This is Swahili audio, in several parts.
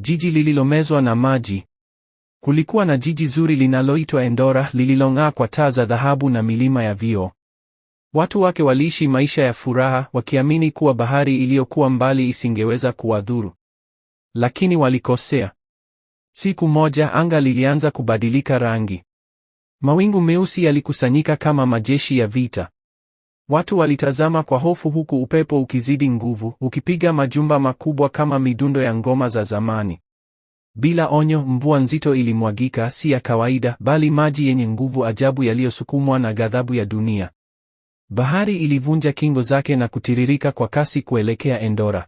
Jiji lililomezwa na maji. Kulikuwa na jiji zuri linaloitwa Endora lililong'aa kwa taa za dhahabu na milima ya vioo. Watu wake waliishi maisha ya furaha wakiamini kuwa bahari iliyokuwa mbali isingeweza kuwadhuru. Lakini walikosea. Siku moja anga lilianza kubadilika rangi. Mawingu meusi yalikusanyika kama majeshi ya vita. Watu walitazama kwa hofu huku upepo ukizidi nguvu, ukipiga majumba makubwa kama midundo ya ngoma za zamani. Bila onyo, mvua nzito ilimwagika, si ya kawaida, bali maji yenye nguvu ajabu yaliyosukumwa na ghadhabu ya dunia. Bahari ilivunja kingo zake na kutiririka kwa kasi kuelekea Endora.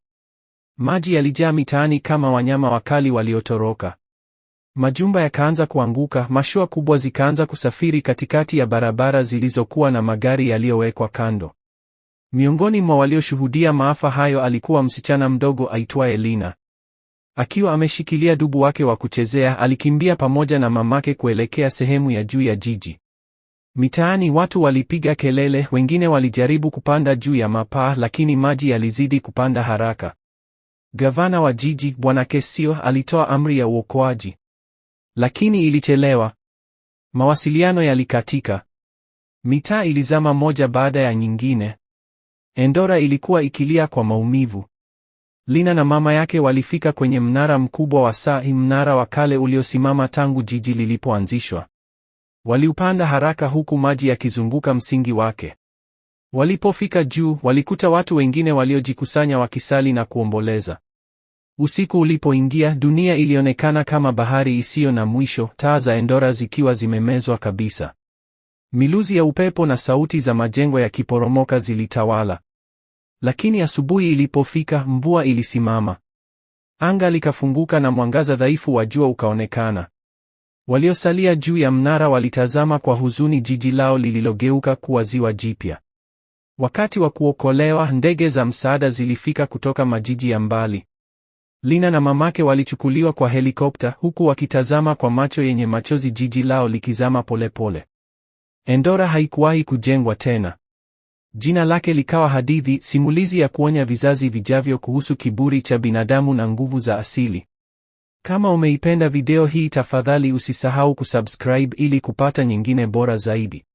Maji yalijaa mitaani kama wanyama wakali waliotoroka. Majumba yakaanza kuanguka, mashua kubwa zikaanza kusafiri katikati ya barabara zilizokuwa na magari yaliyowekwa kando. Miongoni mwa walioshuhudia maafa hayo alikuwa msichana mdogo aitwaye Lina. Akiwa ameshikilia dubu wake wa kuchezea, alikimbia pamoja na mamake kuelekea sehemu ya juu ya jiji. Mitaani watu walipiga kelele, wengine walijaribu kupanda juu ya mapaa, lakini maji yalizidi kupanda haraka. Gavana wa jiji Bwana Kesio alitoa amri ya uokoaji. Lakini ilichelewa. Mawasiliano yalikatika. Mitaa ilizama moja baada ya nyingine. Endora ilikuwa ikilia kwa maumivu. Lina na mama yake walifika kwenye mnara mkubwa wa saa, mnara wa kale uliosimama tangu jiji lilipoanzishwa. Waliupanda haraka huku maji yakizunguka msingi wake. Walipofika juu, walikuta watu wengine waliojikusanya wakisali na kuomboleza. Usiku ulipoingia, dunia ilionekana kama bahari isiyo na mwisho, taa za Endora zikiwa zimemezwa kabisa. Miluzi ya upepo na sauti za majengo yakiporomoka zilitawala. Lakini asubuhi ilipofika, mvua ilisimama. Anga likafunguka na mwangaza dhaifu wa jua ukaonekana. Waliosalia juu ya mnara walitazama kwa huzuni jiji lao lililogeuka kuwa ziwa jipya. Wakati wa kuokolewa, ndege za msaada zilifika kutoka majiji ya mbali. Lina na mamake walichukuliwa kwa helikopta huku wakitazama kwa macho yenye machozi jiji lao likizama polepole pole. Endora haikuwahi kujengwa tena. Jina lake likawa hadithi, simulizi ya kuonya vizazi vijavyo kuhusu kiburi cha binadamu na nguvu za asili. Kama umeipenda video hii, tafadhali usisahau kusubscribe ili kupata nyingine bora zaidi.